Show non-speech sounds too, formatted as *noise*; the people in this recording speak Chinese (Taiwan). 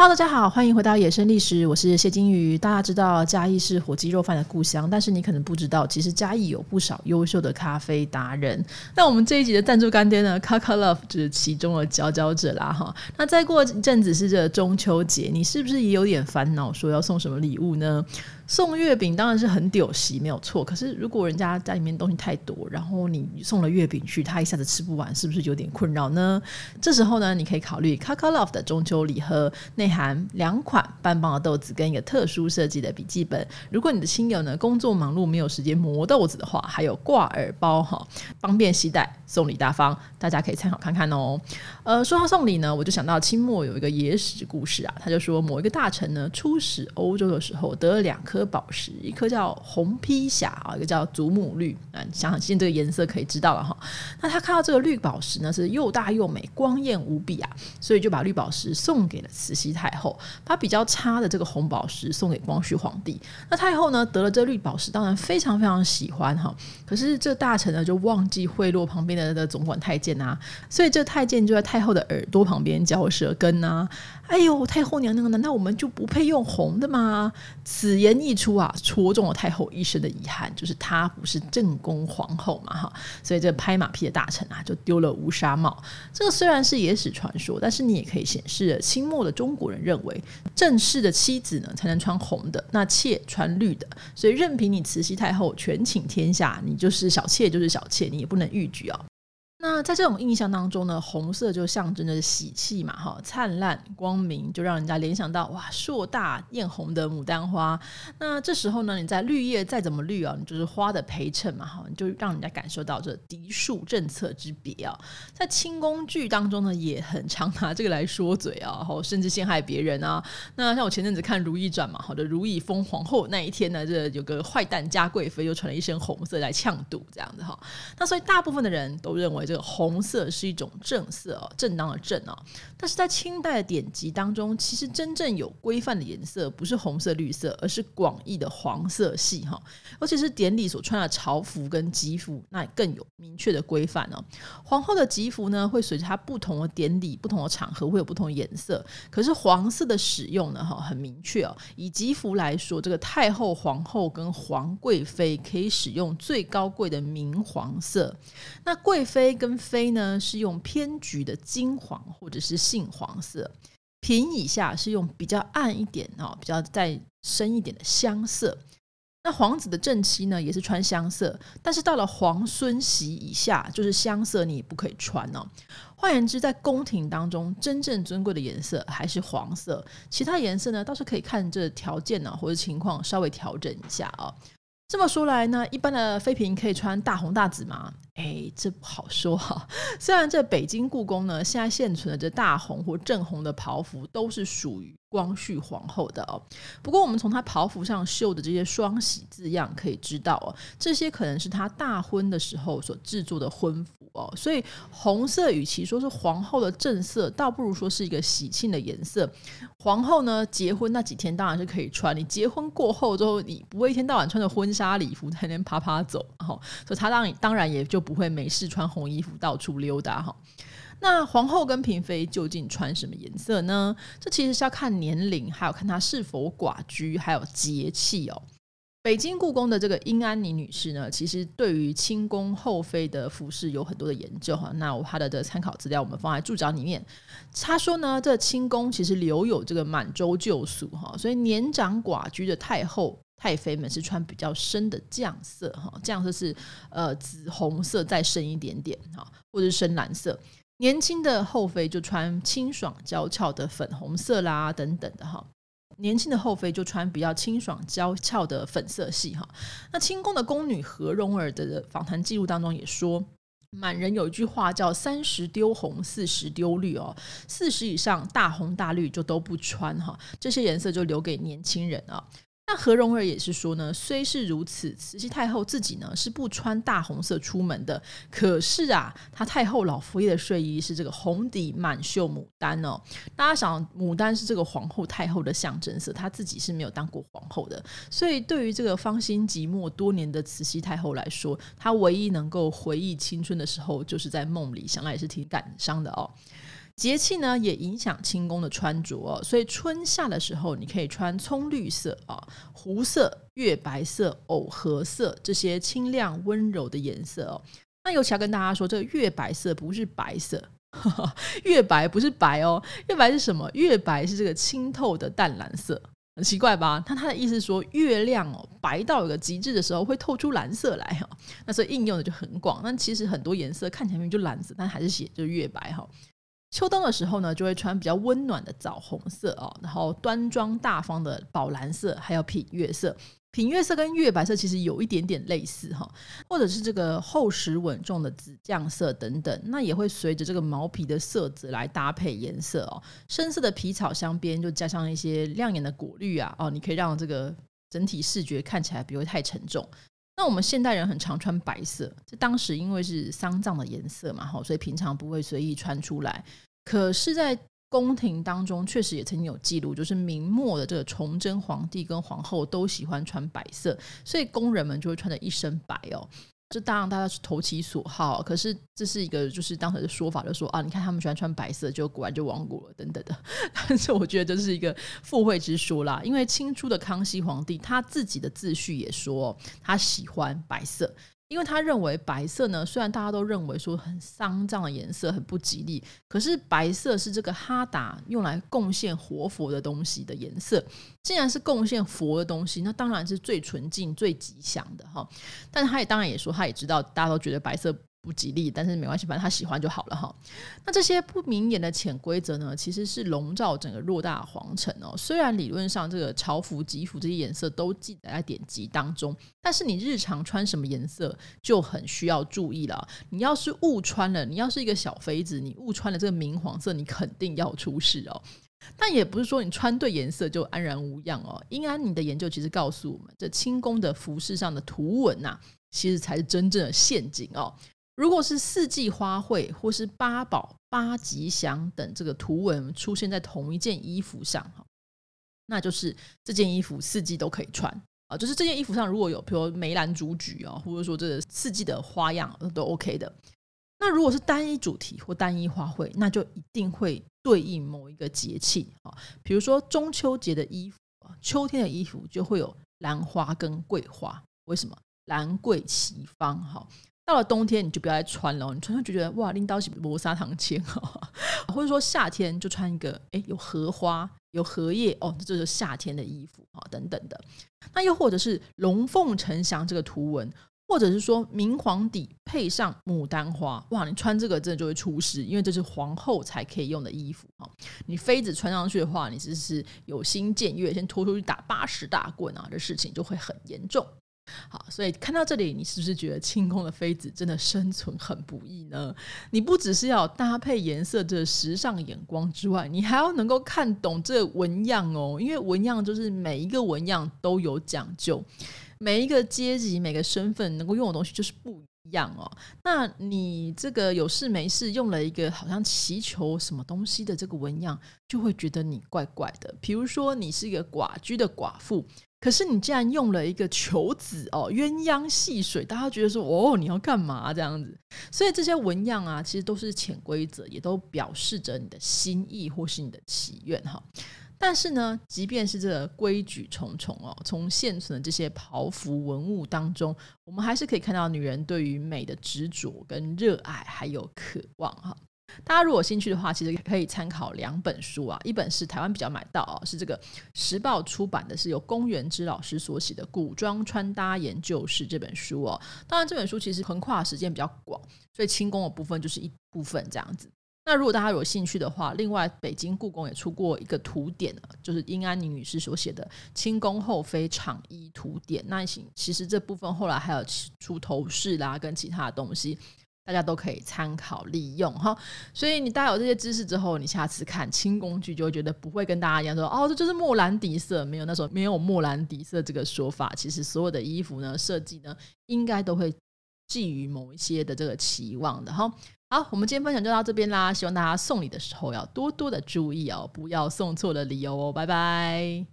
Hello，大家好，歡迎回到《野生歷史》，我是謝金魚。大家知道嘉義是火雞肉飯的故鄉，但是你可能不知道，其實嘉義有不少優秀的咖啡達人。那我們這一集的贊助乾爹呢，kakalove 就是其中的佼佼者啦。哈，那再過一陣子是這中秋節，你是不是也有點煩惱，說要送什麼禮物呢？送月餅當然是很丟席，沒有錯。可是如果人家家裡面的東西太多，然後你送了月餅去，他一下子吃不完，是不是有點困擾呢？這時候呢，你可以考慮 kakalove 的中秋禮盒含兩款半磅的豆子跟一個特殊設計的筆記本。如果你的親友呢，工作忙碌沒有時間磨豆子的話，還有掛耳包哈，方便攜帶，送禮大方，大家可以參考看看哦。呃，說到送禮呢，我就想到清末有一個野史故事啊，他就說某一個大臣呢出使歐洲的時候得了兩顆寶石，一顆叫紅披霞啊，一個叫祖母綠。嗯，想想現在這個顏色可以知道了哈。那他看到這個綠寶石呢是又大又美，光豔無比啊，所以就把綠寶石送給了慈禧。太后把比較差的這個紅寶石送給光緒皇帝，那太後呢得了這綠寶石，當然非常非常喜歡哈。可是這大臣呢就忘記賄賂旁邊的那個總管太監啊，所以這太監就在太後的耳朵旁邊嚼舌根吶、啊。哎呦，太后娘娘，難道我們就不配用紅的嗎？此言一出啊，戳中了太后一生的遺憾，就是她不是正宮皇後嘛哈。所以這拍馬屁的大臣啊，就丟了烏紗帽。這個雖然是野史傳說，但是你也可以顯示清末的中。古人認為，正室的妻子呢才能穿紅的，那妾穿綠的。所以，任憑你慈禧太后權傾天下，你就是小妾，就是小妾，你也不能逾矩啊。那在這種印象當中呢，紅色就象徵着喜氣嘛，哈，燦爛光明，就讓人家聯想到哇，碩大艷紅的牡丹花。那這時候呢，你在綠葉再怎麼綠啊，你就是花的陪襯嘛，哈，你就讓人家感受到這嫡庶政策之別啊。在清宮劇當中呢，也很常拿這個來說嘴啊，然後甚至陷害別人啊。那像我前陣子看《如懿傳》嘛，好的，如懿封皇後那一天呢，這有個壞蛋嘉貴妃又穿了一身紅色來嗆度這樣子哈。那所以大部分的人都認為。這個紅色是一種正色，正當的正哦。但是在清代的典籍當中，其實真正有規範的顏色不是紅色、綠色，而是廣義的黃色系哈。而且是典禮所穿的朝服跟吉服，那更有明確的規範哦。皇後的吉服呢，會隨着她不同的典禮、不同的場合，會有不同的顏色。可是黃色的使用呢，哈，很明確哦。以吉服來說，這個太后、皇後跟皇貴妃可以使用最高貴的明黃色，那貴妃。跟妃呢，是用偏橘的金黃或者是杏黃色，嬪以下是用比較暗一點哦，比較再深一點的香色。那皇子的正妻呢也是穿香色，但是到了皇孫媳以下就是香色你也不可以穿哦。換言之，在宮廷當中，真正尊貴的顏色還是黃色，其他顏色呢倒是可以看這條件呢哦，或者情況稍微調整一下哦。這麼說來呢，一般的妃嬪可以穿大紅大紫嗎？哎，這不好說哈、啊。雖然這北京故宮呢，現在現存的這大紅或正紅的袍服都是屬於。光緒皇後的哦，不過我們從她袍服上繡的這些“雙喜”字樣可以知道哦，這些可能是她大婚的時候所製作的婚服哦。所以紅色與其說是皇後的正色，倒不如說是一個喜慶的顏色。皇後呢，結婚那幾天當然是可以穿，你結婚過後之後，你不會一天到晚穿着婚紗禮服在那邊趴趴走，哦，所以他當當然也就不會沒事穿紅衣服到處溜達，哈、哦。那皇後跟嬪妃究竟穿什麼顏色呢？這其實是要看年齡，還有看她是否寡居，還有節氣哦。北京故宮的這個殷安妮女士呢，其實對於清宮後妃的服飾有很多的研究哈。那她的這個參考資料，我們放在註腳裡面。她說呢，這個、清宮其實留有這個滿洲舊俗哈，所以年長寡居的太后、太妃們是穿比較深的絳色哈，絳色是呃紫紅色再深一點點哈，或者是深藍色。年輕的後妃就穿清爽嬌俏的粉紅色啦，等等的哈。年輕的後妃就穿比較清爽嬌俏的粉色系哈。那清宮的宮女何榮兒的訪談記錄當中也說，滿人有一句話叫“三十丟紅，四十丟綠”哦，四十以上大紅大綠就都不穿哈，這些顏色就留給年輕人啊。那何榮兒也是說呢，雖是如此，慈禧太后自己呢是不穿大紅色出門的。可是啊，她太后老佛爺的睡衣是這個紅底滿繡牡丹哦。大家想，牡丹是這個皇后太後的象徵色，她自己是沒有當過皇後的，所以對於這個芳心寂寞多年的慈禧太後來說，她唯一能夠回憶青春的時候，就是在夢裡，想來也是挺感傷的哦。節氣呢也影響清宮的穿着哦，所以春夏的時候你可以穿蔥綠色啊、湖色、月白色、藕荷色這些清亮溫柔的顏色哦。那尤其要跟大家說，這個月白色不是白色， *laughs* 月白不是白哦，月白是什麼？月白是這個清透的淡藍色，很奇怪吧？那它的意思是說，月亮哦白到有個極致的時候會透出藍色來哈、哦，那所以應用的就很廣。那其實很多顏色看起來明明就藍色，但還是寫就是月白哈、哦。秋冬的時候呢，就會穿比較溫暖的棗紅色哦，然後端莊大方的寶藍色，還有品月色。品月色跟月白色其實有一點點類似哈、哦，或者是這個厚實穩重的紫醬色等等，那也會隨着這個毛皮的色澤來搭配顏色哦。深色的皮草鑲邊，就加上一些亮眼的果綠啊哦，你可以讓這個整體視覺看起來不會太沉重。那我們現代人很常穿白色，這當時因為是喪葬的顏色嘛，哈，所以平常不會隨意穿出來。可是，在宮廷當中，確實也曾經有記錄，就是明末的這個崇禎皇帝跟皇後都喜歡穿白色，所以宮人們就會穿得一身白哦。這當然大家是投其所好，可是這是一個就是當時的說法，就說啊，你看他們喜歡穿白色，就果然就亡國了等等的。但是我覺得這是一個附會之說啦，因為清初的康熙皇帝他自己的自序也說他喜歡白色。因為他認為白色呢，雖然大家都認為說很喪葬的顏色很不吉利，可是白色是這個哈達用來貢獻活佛的東西的顏色。既然是貢獻佛的東西，那當然是最純淨、最吉祥的哈。但是他也當然也說，他也知道大家都覺得白色。不吉利，但是沒關係，反正他喜歡就好了哈。那這些不明眼的潛規則呢，其實是籠罩整個偌大皇城哦、喔。雖然理論上這個朝服吉服這些顏色都記載在典籍當中，但是你日常穿什麼顏色就很需要注意了、喔。你要是誤穿了，你要是一個小妃子，你誤穿了這個明黃色，你肯定要出事哦、喔。但也不是說你穿對顏色就安然無恙哦、喔。殷安妮的研究其實告訴我們，這清宮的服飾上的圖紋吶，其實才是真正的陷阱哦、喔。如果是四季花卉或是八寶八吉祥等這個圖文出現在同一件衣服上哈，那就是這件衣服四季都可以穿啊。就是這件衣服上如果有譬如說梅蘭竹菊啊，或者說這個四季的花樣都 OK 的。那如果是單一主題或單一花卉，那就一定會對應某一個節氣啊。比如說中秋節的衣服啊，秋天的衣服就會有蘭花跟桂花，為什麼？蘭桂齊芳。哈。到了冬天你就不要再穿了，哦、你穿上就覺得哇拎到是磨砂糖漿啊， *laughs* 或者說夏天就穿一個誒、欸，有荷花有荷葉哦，這就是夏天的衣服啊，哦、等等的。那又或者是龍鳳呈祥這個圖文，或者是說明黃底配上牡丹花，哇你穿這個真的就會出事，因為這是皇后才可以用的衣服，哦、你妃子穿上去的話，你是不是有心僭越，先拖出去打八十大棍啊，這事情就會很嚴重。好，所以看到這裡，你是不是覺得清宮的妃子真的生存很不易呢？你不只是要搭配顏色這時尚眼光之外，你還要能夠看懂這紋樣哦，因為紋樣就是每一個紋樣都有講究，每一個階級、每個身份能夠用的東西就是不一樣哦。那你這個有事沒事用了一個好像祈求什麼東西的這個紋樣，就會覺得你怪怪的。比如說，你是一個寡居的寡婦。可是你竟然用了一個求子，哦，鴛鴦戲水，大家覺得說哦，你要幹嘛這樣子？所以這些紋樣啊，其實都是潛規則，也都表示着你的心意或是你的祈願哈。但是呢，即便是這個規矩重重哦，從現存的這些袍服文物當中，我們還是可以看到女人對於美的執着、跟熱愛還有渴望哈。大家如果有興趣的話，其實可以參考兩本書啊。一本是台灣比較買到哦、啊，是這個時報出版的，是由龔元之老師所寫的《古裝穿搭研究室》這本書哦、啊。當然，這本書其實橫跨時間比較廣，所以清宮的部分就是一部分這樣子。那如果大家有興趣的話，另外北京故宮也出過一個圖典、啊、就是殷安妮女士所寫的《清宮後妃氅衣圖典》。那行，其實這部分後來還有出頭飾啦，跟其他的東西。大家都可以參考利用哈，所以你帶有這些知識之後，你下次看清宮劇就會覺得不會跟大家一樣說哦，這就是莫蘭迪色，沒有那時候沒有莫蘭迪色這個說法。其實所有的衣服呢，設計呢，應該都會寄予某一些的這個期望的哈。好，我們今天分享就到這邊啦，希望大家送禮的時候要多多的注意哦，不要送錯了理由哦，拜拜。